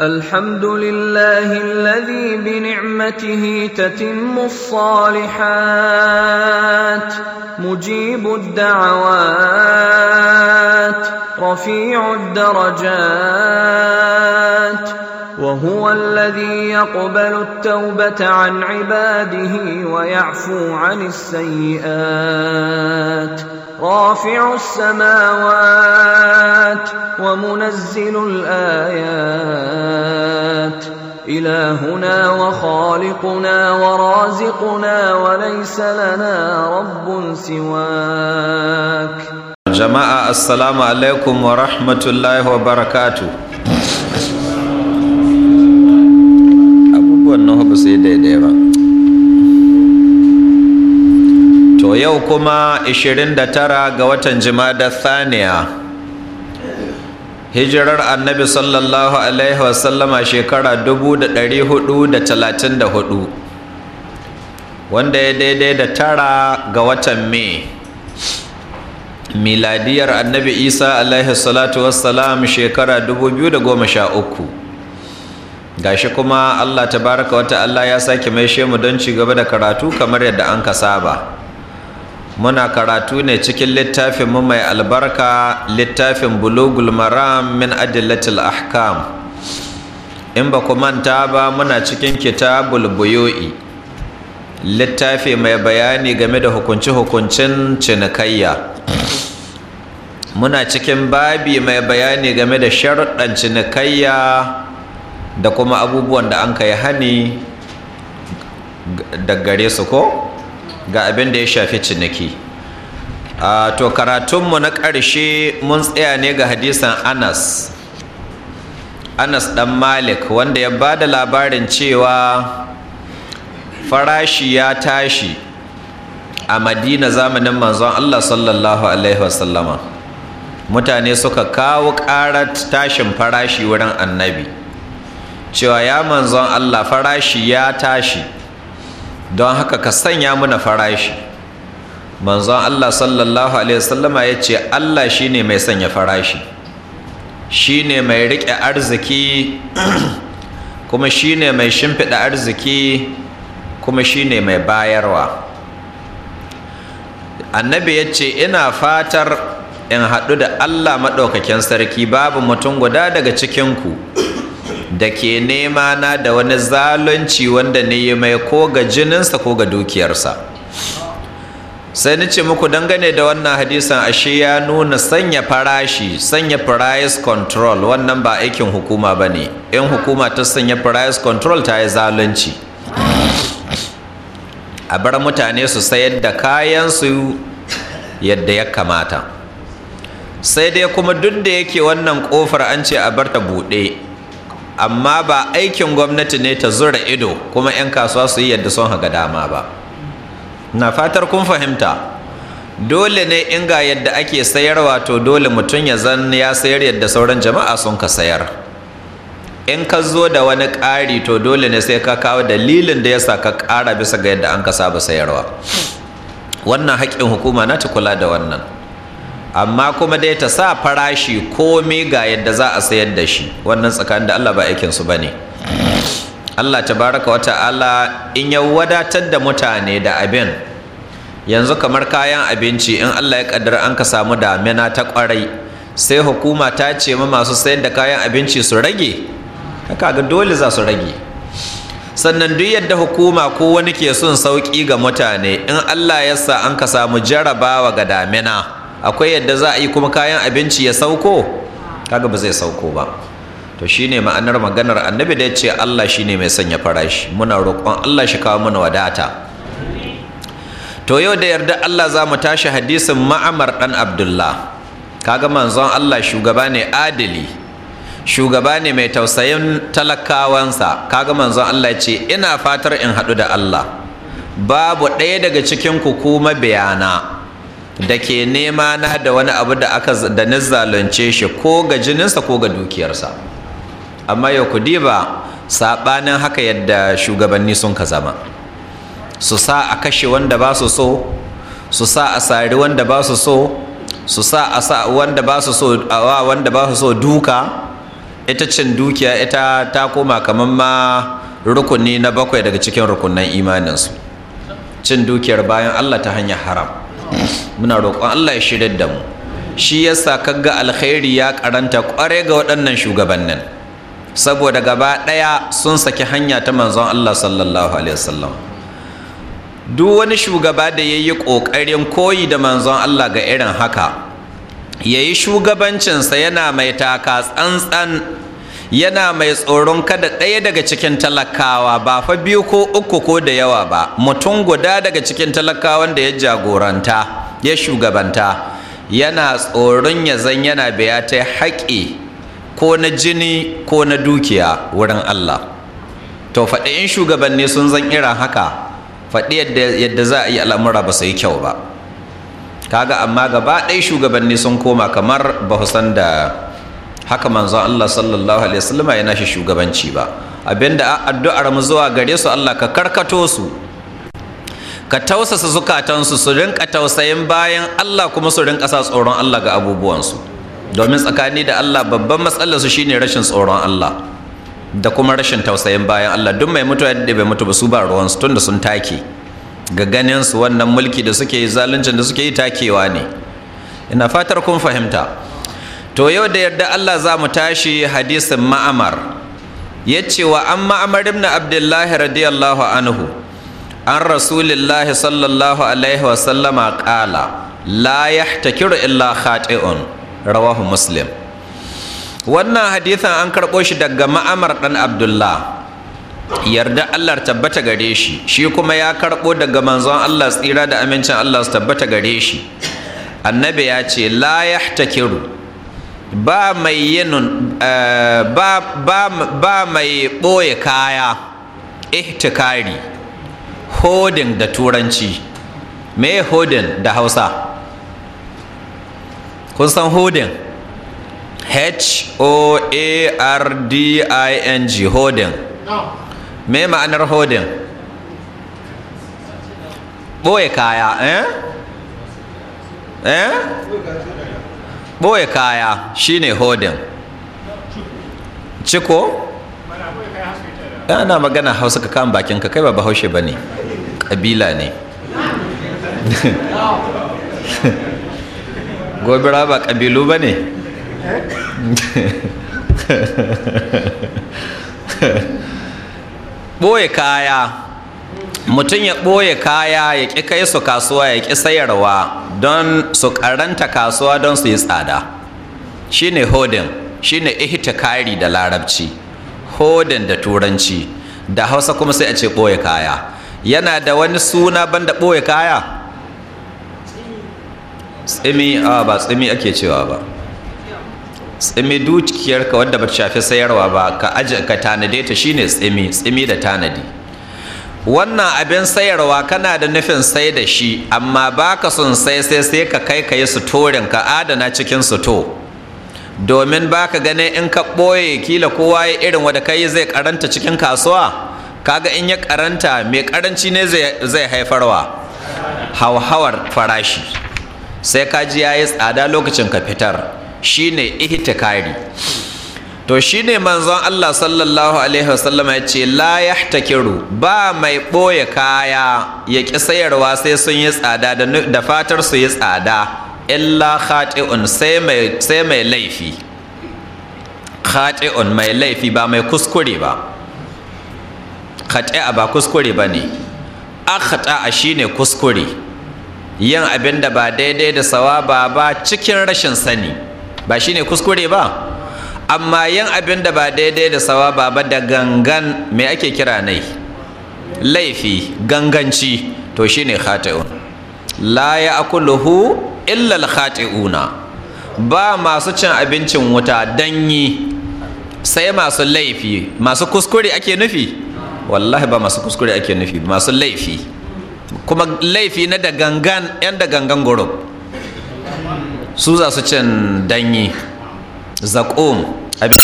الحمد لله الذي بنعمته تتم الصالحات مجيب الدعوات رفيع الدرجات وهو الذي يقبل التوبه عن عباده ويعفو عن السيئات رافع السماوات ومنزل الايات الهنا وخالقنا ورازقنا وليس لنا رب سواك جماعه السلام عليكم ورحمه الله وبركاته أبو بوان ba su yi yau kuma 29 ga watan jima'a thaniya hijirar annabi sallallahu alaihi wasallama shekara 434 wanda ya daidai da tara ga watan mai miladiyar annabi isa alaihi salatu wassalam shekara 2013 gashi kuma Allah ta baraka wata Allah ya sake maishe mu don ci gaba da karatu kamar yadda an ka saba muna karatu ne cikin littafin mu mai albarka littafin bulugul maram min adillatil ahkam in ba ku manta ba muna cikin kitabul buyo'i littafi mai bayani game da hukunci-hukuncin cinikayya muna cikin babi mai bayani game da sharuɗan cinikayya da kuma abubuwan da an kai hani da gare su ko? ga abin da ya shafi ciniki a to karatunmu na ƙarshe mun tsaya ne ga hadisan anas anas ɗan malik wanda ya ba da labarin cewa farashi ya tashi a madina zamanin manzon allah sallallahu alaihi wasallama mutane suka kawo ƙarar tashin farashi wurin annabi cewa ya manzon allah farashi ya tashi don haka ka sanya muna farashi manzon Allah sallallahu alaihi wasallama ya ce Allah shine mai sanya farashi shine mai riƙe arziki kuma shine mai shimfiɗa arziki kuma shine mai bayarwa annabi ya ce ina fatar in haɗu da Allah maɗaukakin sarki babu mutum guda daga cikinku da ke nema na da wani zalunci wanda ne yi mai ko ga jininsa ko ga dukiyarsa sai ni ce muku dangane da wannan hadisan ashe ya nuna sanya farashi sanya price control wannan ba aikin hukuma ba ne in hukuma ta sanya price control ta yi zalunci a bar mutane su sayar da kayansu yadda ya kamata sai dai kuma duk da yake wannan kofar an ce a bar ta buɗe amma ba aikin gwamnati ne ta zura ido kuma 'yan kasuwa su yi yadda sun haga dama ba na fatar kun fahimta dole ne in ga yadda ake sayarwa to dole mutum ya zan ya sayar yadda sauran jama'a sun ka sayar in ka zo da wani ƙari to dole ne sai ka kawo dalilin da ya sa ka ƙara bisa ga yadda an ka saba sayarwa wannan haƙƙin hukuma na ta kula da wannan amma kuma dai ta sa farashi komai ga yadda za a sayar da shi wannan tsakanin da Allah ba aikin su bane Allah tabaraka wa ta'ala in ya wadatar da mutane da abin yanzu kamar kayan abinci in Allah ya kaddara an ka samu damina ta kwarai sai hukuma ta ce ma masu sayar da kayan abinci su rage kaga dole za su rage sannan duk yadda hukuma ko wani ke son sauki ga mutane in Allah ya sa an ka samu jarabawa ga damina akwai yadda za a yi kuma kayan abinci ya sauko kaga ba zai sauko ba to shine ma'anar maganar annabi da ya ce Allah shine mai sanya farashi muna roƙon Allah shi kawo mana wadata to yau da yarda Allah za mu tashi hadisin ma'amar dan Abdullah kaga manzon Allah shugaba ne adili shugaba ne mai tausayin talakawansa kaga manzon Allah ce ina fatar in haɗu da Allah babu ɗaya daga cikin ku kuma bayana da ke nema na da wani abu da aka da na zalunce shi ko ga jininsa ko ga dukiyarsa amma ya kudi ba saɓanin haka yadda shugabanni sun ka zama su sa a kashe wanda ba su so su sa a sari wanda ba su so su sa a sa wanda ba su so a wanda ba su so duka ita cin dukiya ita ta koma kamar ma rukuni na bakwai daga cikin rukunan imaninsu cin dukiyar bayan Allah ta hanyar haram muna roƙon Allah ya shirar da mu shi yasa kaga alkhairi ya karanta kware ga waɗannan shugabannin saboda gaba ɗaya sun saki hanya ta manzon Allah sallallahu alaihi wasallam duk wani shugaba da ya yi ƙoƙarin koyi da manzon Allah ga irin haka ya yi shugabancinsa yana mai taka tsantsan yana mai tsoron kada ɗaya daga cikin talakawa ba fa biyu ko uku ko da yawa ba mutum guda daga cikin talakawan da ya jagoranta ya shugabanta yana tsoron ya zan yana biya ta haƙi ko na jini ko na dukiya wurin Allah to faɗi in shugabanni sun zan irin haka faɗi yadda za a yi al'amura ba su yi kyau ba kaga amma gaba ɗaya shugabanni sun koma kamar ba san da haka manzon Allah sallallahu alaihi wasallama yana shi shugabanci ba abinda addu'ar mu zuwa gare su Allah ka karkato su ka tausasa zukatansu su rinka tausayin bayan Allah kuma su rinka sa tsoron Allah ga abubuwansu domin tsakani da Allah babban matsalar su shine rashin tsoron Allah da kuma rashin tausayin bayan Allah duk mai mutuwa da bai mutu ba su ba ruwansu da sun take ga ganin su wannan mulki da suke yi zaluncin da suke yi takewa ne ina fatar kun fahimta to yau da yarda Allah za mu tashi hadisin ma'amar ya ce wa an ma'amar ibn abdullahi radiyallahu anhu an rasulillahi sallallahu alaihi wasallama ƙala la yahtakiru illa khati'un rawahu muslim wannan hadithan an karɓo shi daga ma'amar ɗan abdullah yarda allah tabbata gare shi shi kuma ya karɓo daga manzon allah tsira da amincin allah su tabbata gare shi annabi ya ce la ba mai yin eh, ba mai ɓoye kaya ihtikari hodin da turanci me hodin da hausa kun san hodin h-o-a-r-d-i-n-g hodin me ma'anar hodin ɓoye kaya eh? eh? ɓoye kaya shine hodin ciko ana magana hausa ka kama bakin ka kai ba bahaushe ba ne ƙabila ne gobira ba ƙabilu ba ne ɓoye kaya mutum ya ɓoye kaya ya ƙi kai su kasuwa ya ƙi sayarwa don su karanta kasuwa don su yi tsada shine hodin shine ihtikari da larabci hodin da turanci da hausa kuma sai a ce ɓoye kaya yana da wani suna banda ɓoye kaya tsimi a ba tsimi ake cewa ba tsimi dukiyarka wadda ba ta shafi sayarwa ba ka ka tanade ta shine tsimi tsimi da tanadi wannan abin sayarwa kana da nufin sai da shi amma baka son sai sai sai ka kai ka yi sutorin ka adana cikin suto domin baka gane in ka ɓoye kila kowa ya irin wanda kai zai karanta cikin kasuwa kaga in ya karanta mai karanci ne zai haifarwa hauhawar farashi sai ka ji ya yi tsada lokacin ka fitar shine ihtikari to shi shine manzon Allah sallallahu alaihi wasallama ya ce la kiru. ba mai ɓoye kaya ya ƙi sayarwa sai sun yi tsada da fatar su yi tsada illa khati'un sai mai sai mai laifi khati'un mai laifi ba mai kuskure ba khati'a ba kuskure ba ne. a shi ne kuskure yin abin da ba daidai da sawa ba cikin rashin sani ba shi ne kuskure ba amma yin abin da ba daidai da sawa ba da gangan mai ake kira nai laifi ganganci to shine khati'un la ya'kuluhu illa al-khati'una ba masu cin abincin wuta danyi sai masu laifi masu kuskure ake nufi wallahi ba masu kuskure ake nufi masu laifi kuma laifi na da gangan yan da gangan gurup su za su cin danyi заком